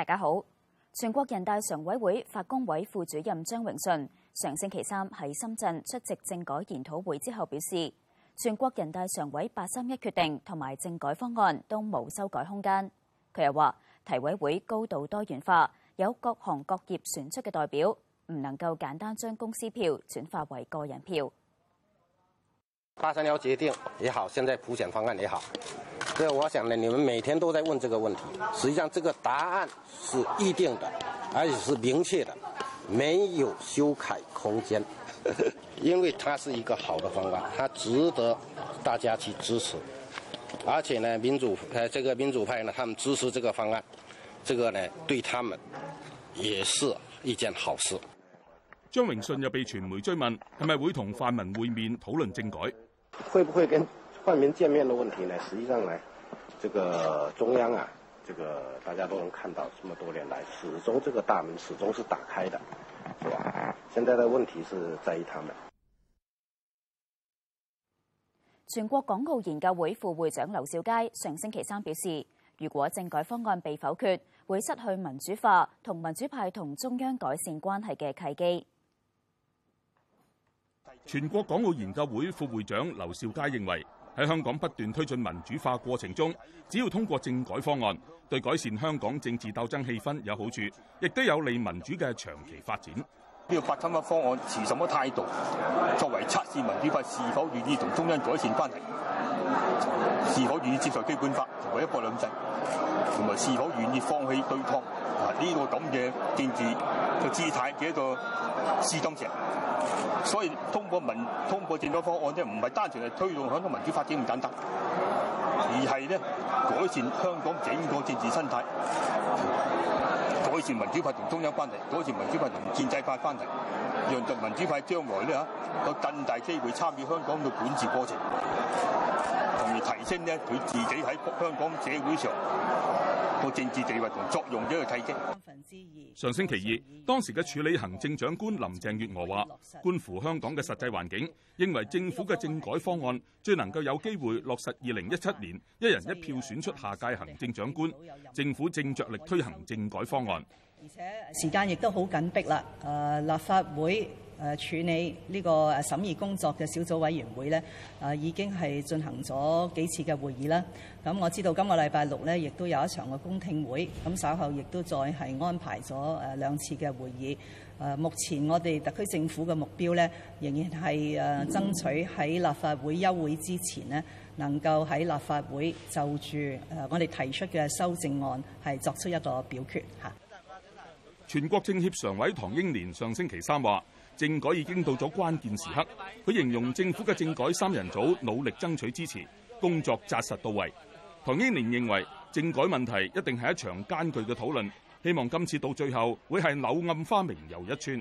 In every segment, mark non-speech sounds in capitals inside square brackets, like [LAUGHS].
大家好，全國人大常委會法工委副主任張榮順上星期三喺深圳出席政改研討會之後表示，全國人大常委八三一決定同埋政改方案都冇修改空間。佢又話，提委會高度多元化，有各行各業選出嘅代表，唔能夠簡單將公司票轉化為個人票。八三一決定也好，現在普選方案也好。所以我想呢，你們每天都在問這個問題，實際上這個答案是一定的，而且是明確的，沒有修改空間， [LAUGHS] 因為它是一個好的方案，它值得大家去支持，而且呢，民主呃這個民主派呢，他們支持這個方案，這個呢對他們也是一件好事。張榮順又被傳媒追問，係咪會同泛民會面討論政改？會不會跟泛民見面的問題呢？實際上呢？這個中央啊，這個大家都能看到，這麼多年來始終這個大門始終是打開的，是吧？現在的問題是在於他們。全國港澳研究會副會長劉兆佳上星期三表示，如果政改方案被否決，會失去民主化同民主派同中央改善關係嘅契機。全國港澳研究會副會長劉兆佳認為。喺香港不斷推進民主化過程中，只要通過政改方案，對改善香港政治鬥爭氣氛有好處，亦都有利民主嘅長期發展。呢、這個八三一方案持什麼態度，作為測試民主派是否願意同中央改善關係，是否願意接受基本法同埋一國兩制，同埋是否願意放棄對抗？呢、這個咁嘅政治嘅姿態嘅一個試金石，所以通過民通過政改方案咧，唔係單純係推動香港民主發展咁簡單，而係咧改善香港整個政治生態，改善民主派同中央關係，改善民主派同建制派關係，讓特民主派將來咧嚇有更大機會參與香港嘅管治過程，同而提升咧佢自己喺香港社會上。個政治地位同作用都要睇三分之二。上星期二，當時嘅處理行政長官林鄭月娥話：，觀乎香港嘅實際環境，認為政府嘅政改方案最能夠有機會落實二零一七年一人一票選出下屆行政長官。政府正着力推行政改方案，而且時間亦都好緊迫啦。誒、呃，立法會。誒處理呢個審議工作嘅小組委員會呢，誒已經係進行咗幾次嘅會議啦。咁我知道今個禮拜六呢，亦都有一場嘅公聽會。咁稍後亦都再係安排咗誒兩次嘅會議。誒，目前我哋特區政府嘅目標呢，仍然係誒爭取喺立法會休會之前呢，能夠喺立法會就住誒我哋提出嘅修正案係作出一個表決嚇。全國政協常委唐英年上星期三話。政改已經到咗關鍵時刻，佢形容政府嘅政改三人組努力爭取支持，工作紮實到位。唐英年認為政改問題一定係一場艱巨嘅討論，希望今次到最後會係柳暗花明又一村。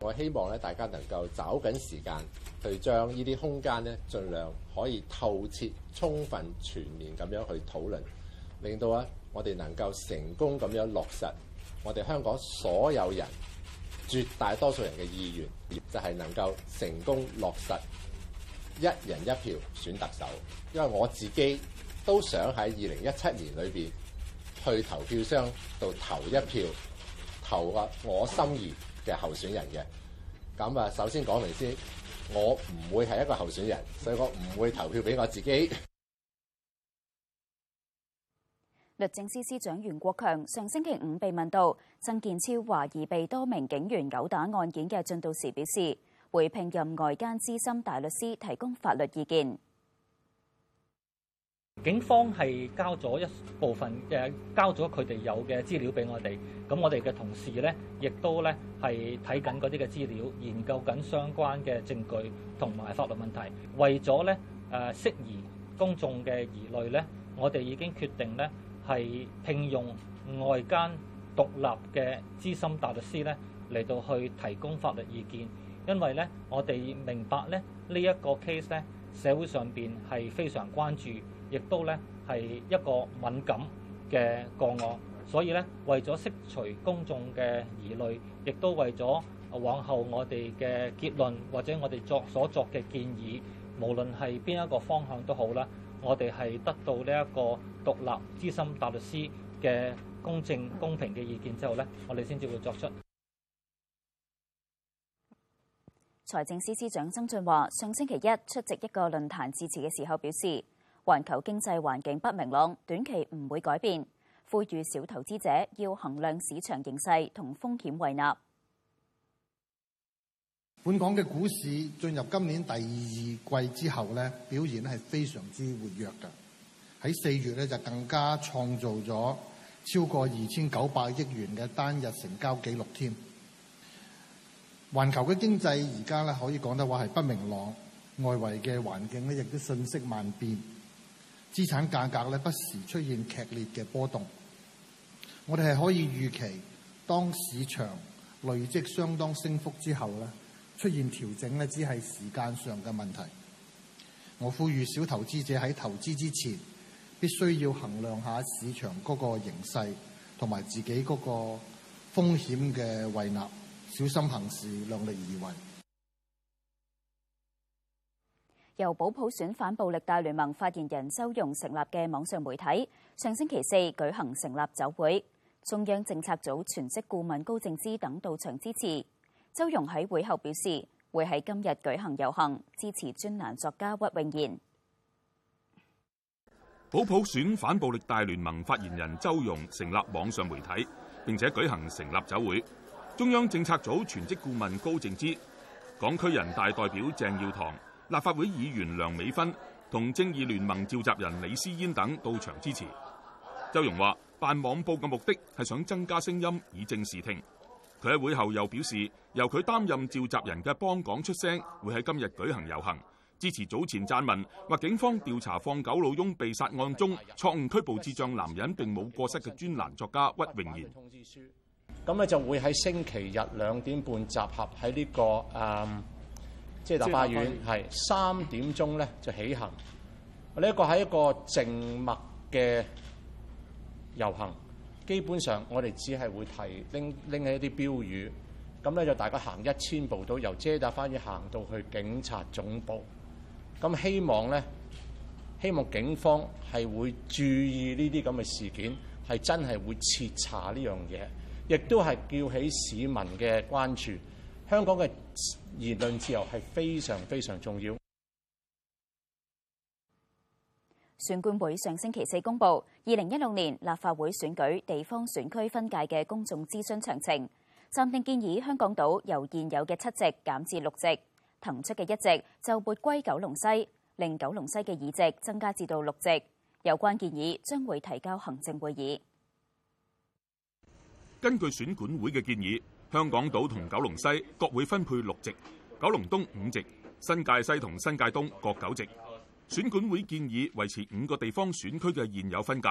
我希望咧，大家能夠找緊時間去將呢啲空間咧，盡量可以透徹、充分、全面咁樣去討論，令到啊我哋能夠成功咁樣落實我哋香港所有人，絕大多數人嘅意願，就係能夠成功落實一人一票選特首，因為我自己都想喺二零一七年裏邊去投票箱度投一票，投啊我心儀嘅候選人嘅。咁啊，首先講明先，我唔會係一個候選人，所以我唔會投票俾我自己。律政司司長袁國強上星期五被問到曾健超懷疑被多名警員毆打案件嘅進度時，表示會聘任外間資深大律師提供法律意見。警方係交咗一部分，誒、啊，交咗佢哋有嘅資料俾我哋。咁我哋嘅同事咧，亦都咧係睇緊嗰啲嘅資料，研究緊相關嘅證據同埋法律問題，為咗咧誒，釋、啊、疑公眾嘅疑慮咧，我哋已經決定咧，係聘用外間獨立嘅資深大律師咧嚟到去提供法律意見，因為咧我哋明白咧呢一個 case 咧社會上面係非常關注，亦都咧係一個敏感嘅個案，所以咧為咗釋除公眾嘅疑慮，亦都為咗往後我哋嘅結論或者我哋作所作嘅建議，無論係邊一個方向都好啦。我哋係得到呢一個獨立資深大律師嘅公正公平嘅意見之後呢我哋先至會作出。財、嗯、政司司長曾俊華上星期一出席一個論壇致辭嘅時候表示，環球經濟環境不明朗，短期唔會改變，呼籲小投資者要衡量市場形勢同風險為納。本港嘅股市進入今年第二季之後咧，表現咧係非常之活躍嘅。喺四月咧就更加創造咗超過二千九百億元嘅單日成交記錄，添。環球嘅經濟而家咧可以講得話係不明朗，外圍嘅環境咧亦都瞬息萬變，資產價格咧不時出現劇烈嘅波動。我哋係可以預期，當市場累積相當升幅之後咧。出現調整咧，只係時間上嘅問題。我呼籲小投資者喺投資之前，必須要衡量下市場嗰個形勢同埋自己嗰個風險嘅胃納，小心行事，量力而為。由保普選反暴力大聯盟發言人周融成立嘅網上媒體，上星期四舉行成立酒會，中央政策組全職顧問高靜芝等到場支持。周融喺會後表示，會喺今日舉行遊行，支持專欄作家屈穎妍。保普，普選反暴力大聯盟發言人周融成立網上媒體，並且舉行成立酒會。中央政策組全職顧問高靜芝、港區人大代表鄭耀棠、立法會議員梁美芬同正義聯盟召集人李思嫣等到場支持。周融話：辦網報嘅目的係想增加聲音，以正視聽。佢喺會後又表示，由佢擔任召集人嘅「幫港出聲」會喺今日舉行遊行，支持早前撰文話，警方調查放狗老翁被殺案中錯誤拘捕智障男人并冇過失嘅專欄作家屈穎妍通知書。咁咧就會喺星期日兩點半集合喺呢個誒即係立法院係三點鐘咧就起行。呢一個係一個靜默嘅遊行。基本上我哋只係會提拎拎起一啲標語，咁咧就大家行一千步到由遮打花園去行到去警察總部，咁希望咧希望警方係會注意呢啲咁嘅事件，係真係會徹查呢樣嘢，亦都係叫起市民嘅關注。香港嘅言論自由係非常非常重要。選管會上星期四公佈二零一六年立法會選舉地方選區分界嘅公眾諮詢詳情，暫定建議香港島由現有嘅七席減至六席，騰出嘅一席就撥歸九龍西，令九龍西嘅議席增加至到六席。有關建議將會提交行政會議。根據選管會嘅建議，香港島同九龍西各會分配六席，九龍東五席，新界西同新界東各九席。選管會建議維持五個地方選區嘅現有分界，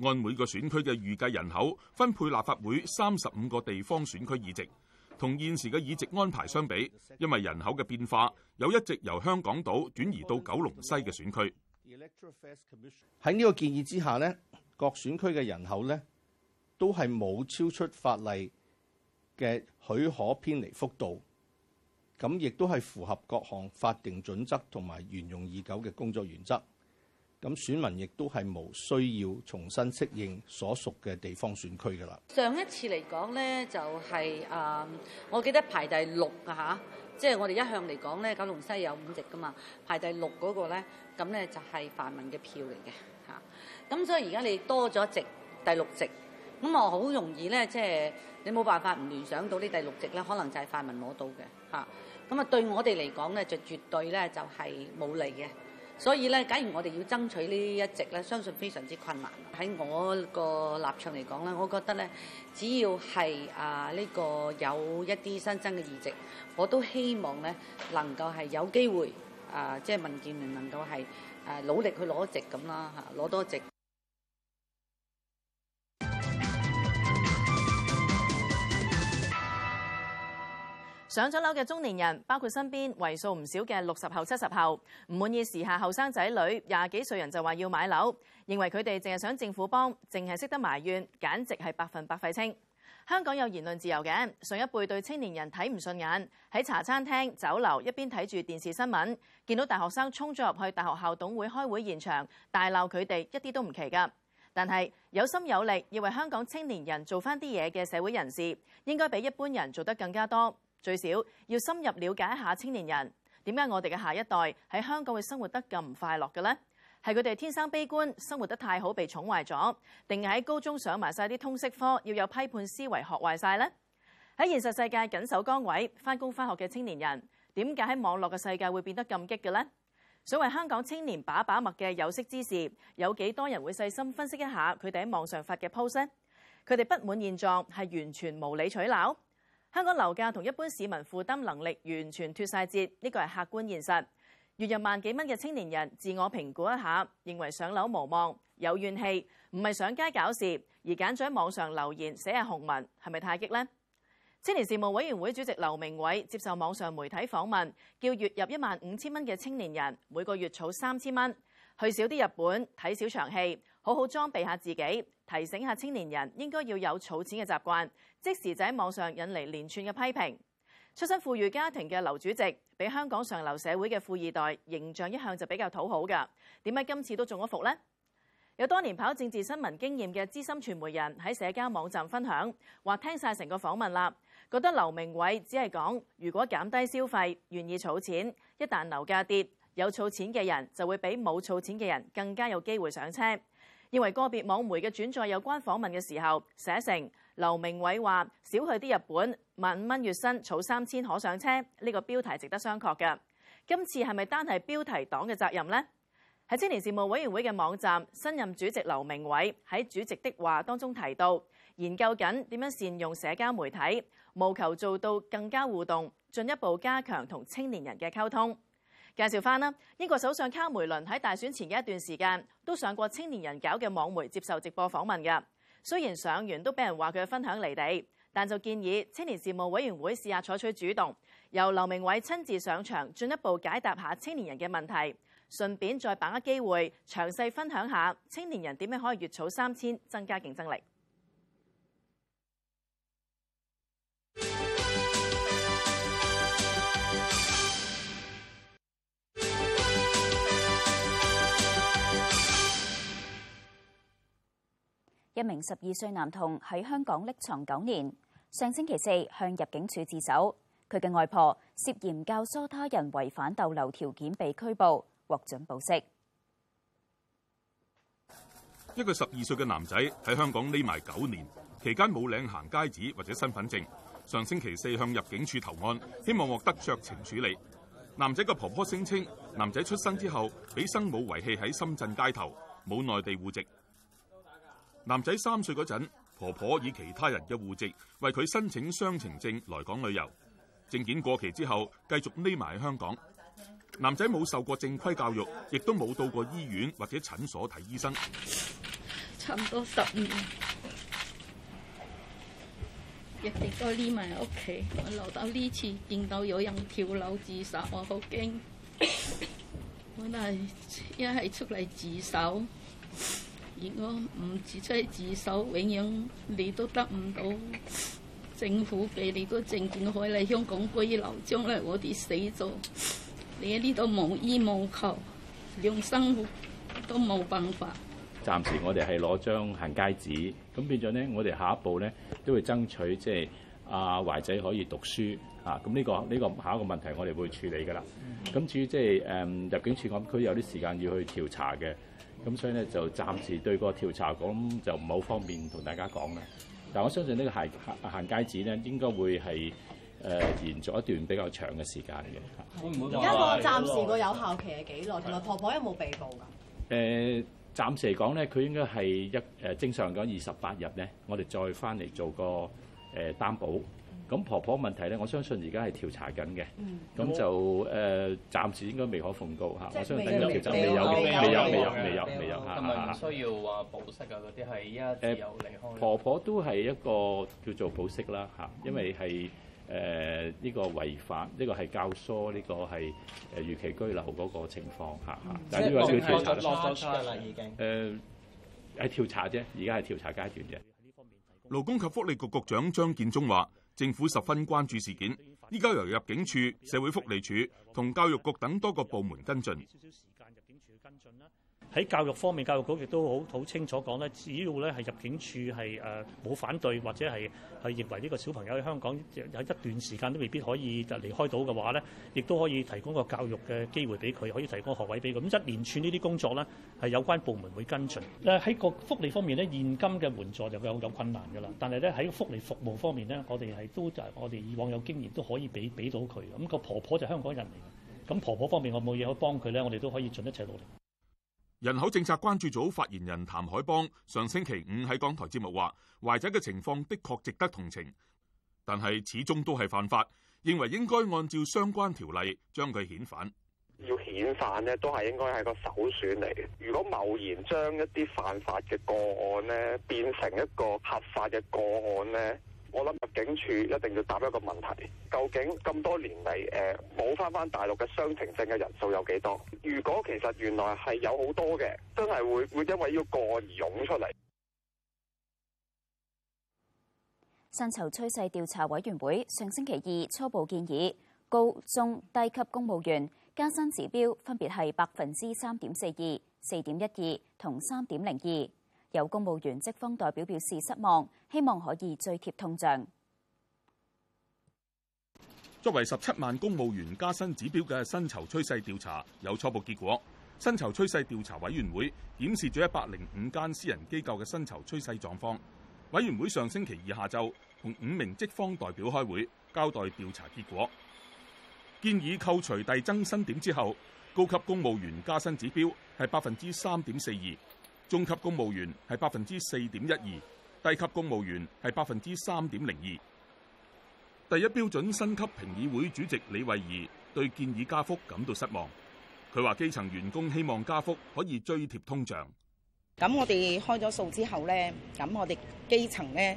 按每個選區嘅預計人口分配立法會三十五個地方選區議席。同現時嘅議席安排相比，因為人口嘅變化，有一席由香港島轉移到九龍西嘅選區。喺呢個建議之下咧，各選區嘅人口咧都係冇超出法例嘅許可偏離幅度。咁亦都係符合各項法定準則同埋沿用已久嘅工作原則。咁選民亦都係冇需要重新適應所屬嘅地方選區㗎啦。上一次嚟講咧，就係我記得排第六吓，即係我哋一向嚟講咧，九龍西有五席㗎嘛，排第六嗰、嗰個咧，咁咧就係泛民嘅票嚟嘅嚇。咁所以而家你多咗一席第六席，咁我好容易咧，即、就、係、是、你冇辦法唔聯想到呢第六席咧，可能就係泛民攞到嘅。咁啊，對我哋嚟講咧，就絕對咧就係冇利嘅，所以咧，假如我哋要爭取呢一席咧，相信非常之困難。喺我個立場嚟講咧，我覺得咧，只要係啊呢個有一啲新增嘅議席，我都希望咧能夠係有機會啊，即係民建聯能夠係啊努力去攞席咁啦，吓攞多席。上咗樓嘅中年人，包括身邊為數唔少嘅六十後、七十後，唔滿意時下後生仔女廿幾歲人就話要買樓，認為佢哋淨係想政府幫，淨係識得埋怨，簡直係百分百廢青。香港有言論自由嘅上一輩對青年人睇唔順眼，喺茶餐廳、酒樓一邊睇住電視新聞，見到大學生衝咗入去大學校董會開會現場大鬧佢哋，一啲都唔奇㗎。但係有心有力要為香港青年人做翻啲嘢嘅社會人士，應該比一般人做得更加多。最少要深入了解一下青年人，點解我哋嘅下一代喺香港會生活得咁唔快樂嘅咧？係佢哋天生悲觀，生活得太好被寵壞咗，定係喺高中上埋晒啲通識科，要有批判思維學壞晒咧？喺現實世界緊守崗位、翻工翻學嘅青年人，點解喺網絡嘅世界會變得咁激嘅咧？所謂香港青年把把脈嘅有識之士，有幾多人會細心分析一下佢哋喺網上發嘅 post？佢哋不滿現狀係完全無理取鬧。香港樓價同一般市民負擔能力完全脱晒節，呢個係客觀現實。月入萬幾蚊嘅青年人自我評估一下，認為上樓無望，有怨氣，唔係上街搞事，而揀咗喺網上留言寫下紅文，係咪太激呢？青年事務委員會主席劉鳴煒接受網上媒體訪問，叫月入一萬五千蚊嘅青年人每個月儲三千蚊，去少啲日本睇少場戲。好好裝備下自己，提醒下青年人應該要有儲錢嘅習慣。即時就喺網上引嚟連串嘅批評。出身富裕家庭嘅劉主席，俾香港上流社會嘅富二代形象一向就比較討好嘅，點解今次都中咗伏呢？有多年跑政治新聞經驗嘅資深傳媒人喺社交網站分享，話聽晒成個訪問啦，覺得劉明偉只係講如果減低消費，願意儲錢，一旦樓價跌。有儲錢嘅人就會比冇儲錢嘅人更加有機會上車。認為個別網媒嘅轉載有關訪問嘅時候，寫成劉明偉話少去啲日本，萬五蚊月薪儲三千可上車呢個標題值得商榷嘅。今次係咪單係標題黨嘅責任呢？喺青年事務委員會嘅網站，新任主席劉明偉喺主席的話當中提到，研究緊點樣善用社交媒體，務求做到更加互動，進一步加強同青年人嘅溝通。介紹返啦，英國首相卡梅倫喺大選前嘅一段時間都上過青年人搞嘅網媒接受直播訪問嘅。雖然上完都俾人話佢分享離地，但就建議青年事務委員會試下採取主動，由劉明偉親自上場進一步解答下青年人嘅問題，順便再把握機會詳細分享下青年人點樣可以月儲三千增加競爭力。一名十二歲男童喺香港匿藏九年，上星期四向入境處自首。佢嘅外婆涉嫌教唆他人違反逗留條件被拘捕，獲准保釋。一個十二歲嘅男仔喺香港匿埋九年，期間冇領行街紙或者身份證。上星期四向入境處投案，希望獲得酌情處理。男仔嘅婆婆聲稱，男仔出生之後俾生母遺棄喺深圳街頭，冇內地戶籍。男仔三歲嗰陣，婆婆以其他人嘅戶籍為佢申請雙程證來港旅遊，證件過期之後繼續匿埋香港。男仔冇受過正規教育，亦都冇到過醫院或者診所睇醫生。差唔多十年，日日都匿埋屋企。我留到呢次見到有人跳樓自殺，我好驚。本來一係出嚟自首。如果唔自出自首，永遠你都得唔到政府俾你個證件，可以嚟香港居留，將咧！我哋死咗，你喺呢度無依無求，用生活都冇辦法。暫時我哋係攞張行街紙，咁變咗咧，我哋下一步咧都會爭取即係阿懷仔可以讀書嚇。咁、啊、呢、呢個呢、呢個下一個問題，我哋會處理㗎啦。咁、嗯嗯、至於即係誒入境處，我佢有啲時間要去調查嘅。咁所以咧就暫時對個調查咁就唔好方便同大家講但我相信呢個行街紙咧應該會係、呃、延續一段比較長嘅時間嘅。而家個暫時個有效期係幾耐？同埋婆婆有冇被捕？㗎？誒，暫時嚟講咧，佢應該係一正常嘅二十八日咧，我哋再翻嚟做個誒、呃、擔保。咁婆婆問題咧，我相信而家係調查緊嘅。咁就誒，暫時應該未可奉告、啊、我相信等於調沒沒有調查、啊，未有嘅，未有，未有，未有，嚇咪唔需要話保釋啊？嗰啲係有婆婆都係一個叫做保釋啦、啊啊、因為係誒呢個違法，呢個係教唆呢個係誒逾期居留嗰個情況但、啊、嚇、啊。即係落咗，落咗，落咗，啦已經。係調查啫、啊，而家係調查階段啫、啊啊。勞、啊、工及福利局局長張建宗話，政府十分關注事件，依家由入境處、社會福利處同教育局等多個部門跟進。喺教育方面，教育局亦都好好清楚講咧，只要咧係入境處係誒冇反對或者係係認為呢個小朋友喺香港有一段時間都未必可以就離開到嘅話咧，亦都可以提供一個教育嘅機會俾佢，可以提供學位俾佢。咁一連串呢啲工作咧，係有關部門會跟進。誒，喺個福利方面咧，現金嘅援助就會有有困難㗎啦。但係咧喺福利服務方面咧，我哋係都就係我哋以往有經驗都可以俾俾到佢。咁個婆婆就係香港人嚟，嘅，咁婆婆方面我冇嘢可以幫佢咧，我哋都可以盡一切努力。人口政策關注組發言人譚海邦上星期五喺港台節目話，懷仔嘅情況的確值得同情，但係始終都係犯法，認為應該按照相關條例將佢遣返。要遣返咧，都係應該係個首選嚟。如果貿然將一啲犯法嘅個案咧，變成一個合法嘅個案咧。我諗入境處一定要答一個問題：究竟咁多年嚟，誒冇翻翻大陸嘅雙程證嘅人數有幾多？如果其實原來係有好多嘅，真係會會因為要過而湧出嚟。薪酬趨勢調查委員會上星期二初步建議高中低級公務員加薪指標分別係百分之三點四二、四點一二同三點零二。有公務員職方代表表示失望，希望可以追貼通脹。作為十七萬公務員加薪指標嘅薪酬趨勢調查有初步結果。薪酬趨勢調查委員會顯示咗一百零五間私人機構嘅薪酬趨勢狀況。委員會上星期二下晝同五名職方代表開會，交代調查結果，建議扣除遞增薪點之後，高級公務員加薪指標係百分之三點四二。中級公務員係百分之四點一二，低級公務員係百分之三點零二。第一標準薪級評議會主席李慧儀對建議加幅感到失望。佢話：基層員工希望加幅可以追貼通脹。咁我哋開咗數之後呢，咁我哋基層呢，誒、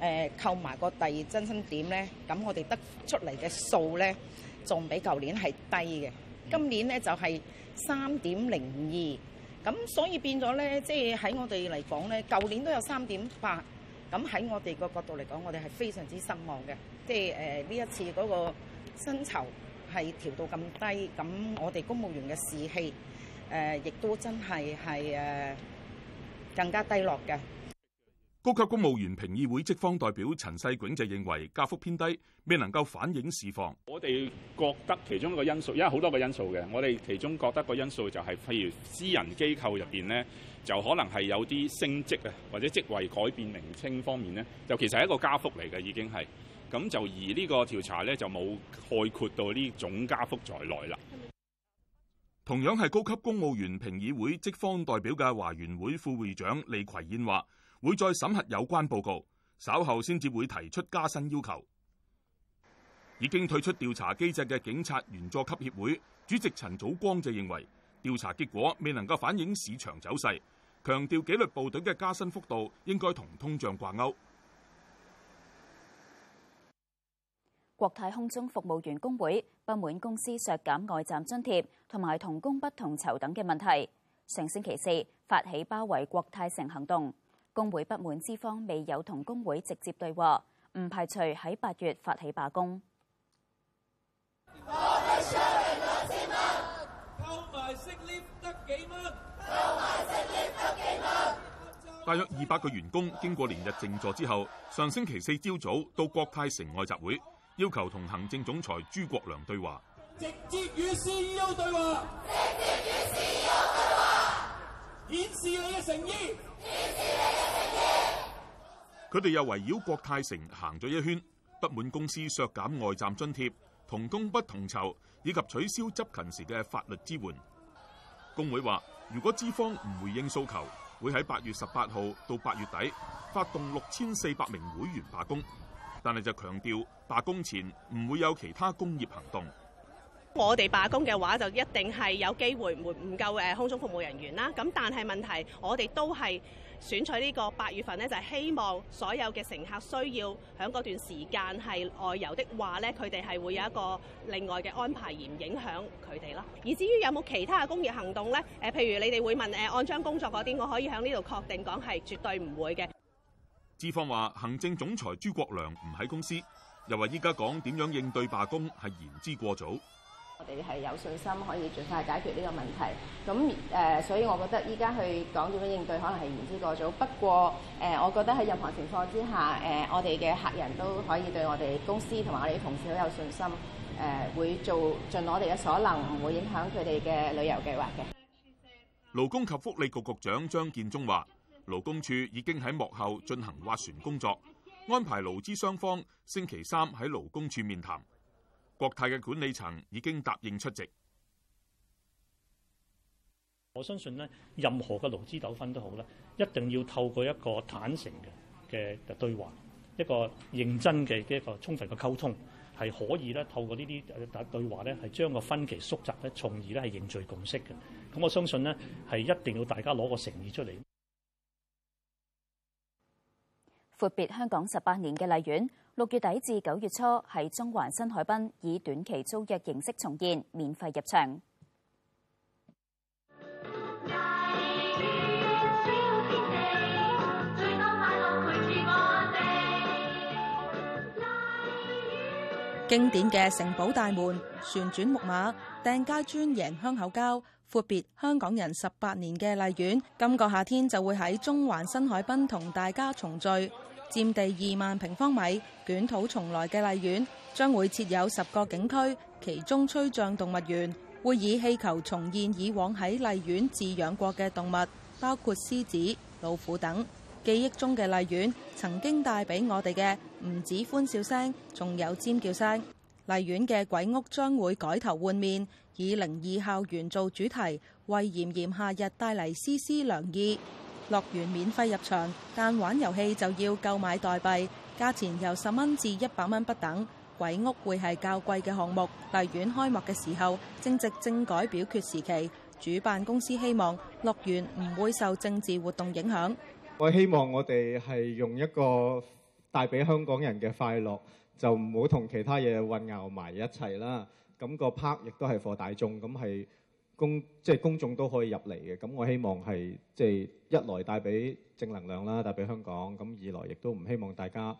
呃、扣埋個第二增薪點呢，咁我哋得出嚟嘅數呢，仲比舊年係低嘅。今年呢，就係三點零二。咁所以變咗咧，即係喺我哋嚟講咧，舊年都有三點八，咁喺我哋個角度嚟講，我哋係非常之失望嘅。即係誒呢一次嗰個薪酬係調到咁低，咁我哋公務員嘅士氣誒，亦、呃、都真係係誒更加低落嘅。高級公務員評議會職方代表陳世炯就認為加幅偏低，未能夠反映市況。我哋覺得其中一個因素，因為好多個因素嘅，我哋其中覺得個因素就係、是，譬如私人機構入邊呢，就可能係有啲升職啊，或者職位改變名稱方面呢，就其實係一個加幅嚟嘅，已經係。咁就而呢個調查呢，就冇概括到呢種加幅在內啦。同樣係高級公務員評議會職方代表嘅華員會副會長李葵燕話，會再審核有關報告，稍後先至會提出加薪要求。已經退出調查機制嘅警察員佐級協會主席陳祖光就認為，調查結果未能夠反映市場走勢，強調紀律部隊嘅加薪幅度應該同通脹掛鈎。國泰空中服務員工會不滿公司削減外站津貼同埋同工不同酬等嘅問題，上星期四發起包圍國泰城行動。工會不滿資方未有同工會直接對話，唔排除喺八月發起罷工。大約二百個員工經過連日靜坐之後，上星期四朝早到國泰城外集會，要求同行政總裁朱國樑對話，直接與 CEO 對話，直接與 CEO 對話，顯示你嘅誠意。佢哋又圍繞國泰城行咗一圈，不滿公司削減外站津貼、同工不同酬以及取消執勤時嘅法律支援。工會話：如果資方唔回應訴求，會喺八月十八號到八月底發動六千四百名會員罷工，但係就強調罷工前唔會有其他工業行動。我哋罷工嘅話，就一定係有機會唔唔夠，誒空中服務人員啦。咁但係問題，我哋都係選取呢個八月份咧，就係希望所有嘅乘客需要響嗰段時間係外遊的話咧，佢哋係會有一個另外嘅安排，而唔影響佢哋咯，而至於有冇其他嘅工業行動咧？誒譬如你哋會問誒按章工作嗰啲，我可以響呢度確定講，係絕對唔會嘅。資方話行政總裁朱國良唔喺公司，又話依家講點樣應對罷工係言之過早。我哋係有信心可以盡快解決呢個問題。咁誒，所以我覺得依家去講點樣應對，可能係言之過早。不過誒，我覺得喺任何情況之下，誒，我哋嘅客人都可以對我哋公司同埋我哋同事好有信心。誒，會做盡我哋嘅所能，唔會影響佢哋嘅旅遊計劃嘅。勞工及福利局局長張建宗話，勞工處已經喺幕後進行斡旋工作，安排勞資雙方星期三喺勞工處面談。國泰嘅管理層已經答應出席。我相信咧，任何嘅勞資糾紛都好啦，一定要透過一個坦誠嘅嘅對話，一個認真嘅一個充分嘅溝通，係可以咧透過呢啲誒對話咧，係將個分歧縮窄咧，從而咧係凝聚共識嘅。咁我相信咧，係一定要大家攞個誠意出嚟。闊別香港十八年嘅荔園，六月底至九月初喺中環新海濱以短期租約形式重現，免費入場。經典嘅城堡大門、旋轉木馬、掟階磚、贏香口膠，闊別香港人十八年嘅荔園，今個夏天就會喺中環新海濱同大家重聚。佔地二萬平方米、捲土重來嘅荔園將會設有十個景區，其中吹象動物園會以氣球重現以往喺荔園飼養過嘅動物，包括獅子、老虎等。記憶中嘅荔園曾經帶俾我哋嘅唔止歡笑聲，仲有尖叫聲。荔園嘅鬼屋將會改頭換面，以靈異校園做主題，為炎炎夏日帶嚟絲絲涼意。樂園免費入場，但玩遊戲就要購買代幣，價錢由十蚊至一百蚊不等。鬼屋會係較貴嘅項目。樂園開幕嘅時候正值政改表決時期，主辦公司希望樂園唔會受政治活動影響。我希望我哋係用一個帶俾香港人嘅快樂，就唔好同其他嘢混淆埋一齊啦。咁個 park 亦都係貨大眾，咁係。公即係公眾都可以入嚟嘅，咁我希望係即係一來帶俾正能量啦，帶俾香港，咁二來亦都唔希望大家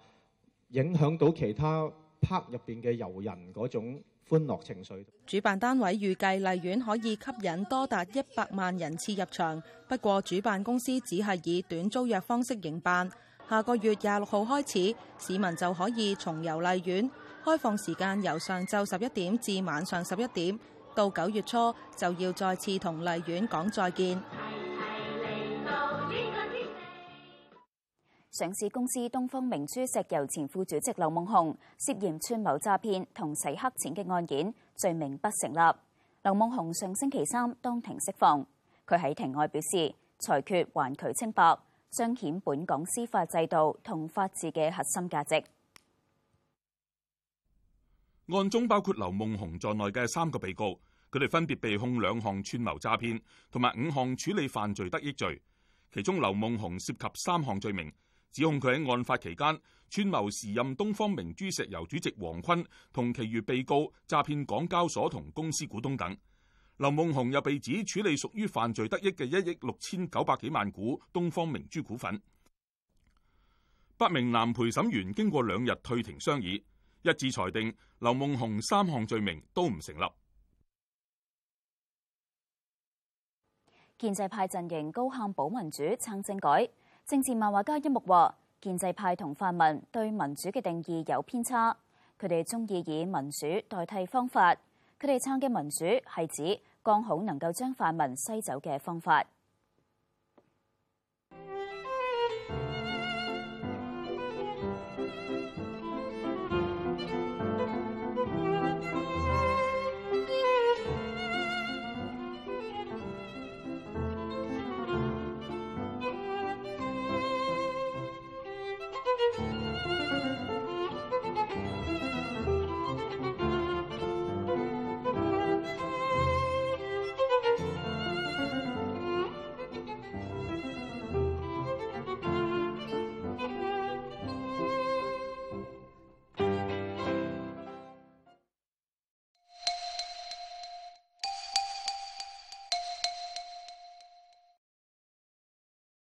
影響到其他 park 入邊嘅遊人嗰種歡樂情緒。主辦單位預計荔園可以吸引多達一百萬人次入場，不過主辦公司只係以短租約方式營辦。下個月廿六號開始，市民就可以重遊荔園，開放時間由上晝十一點至晚上十一點。到九月初就要再次同麗苑講再見提提。上市公司東方明珠石油前副主席劉夢紅涉嫌串謀詐騙同洗黑錢嘅案件罪名不成立，劉夢紅上星期三當庭釋放。佢喺庭外表示，裁決還佢清白，彰顯本港司法制度同法治嘅核心價值。案中包括劉夢熊在內嘅三個被告，佢哋分別被控兩項串謀詐騙，同埋五項處理犯罪得益罪。其中劉夢熊涉及三項罪名，指控佢喺案發期間串謀時任東方明珠石油主席黃坤同其餘被告詐騙港交所同公司股東等。劉夢熊又被指處理屬於犯罪得益嘅一億六千九百幾萬股東方明珠股份。八名男陪審員經過兩日退庭商議。一致裁定劉夢熊三項罪名都唔成立。建制派陣營高喊保民主，撐政改。政治漫畫家一木話：建制派同泛民對民主嘅定義有偏差，佢哋中意以民主代替方法，佢哋撐嘅民主係指剛好能夠將泛民篩走嘅方法。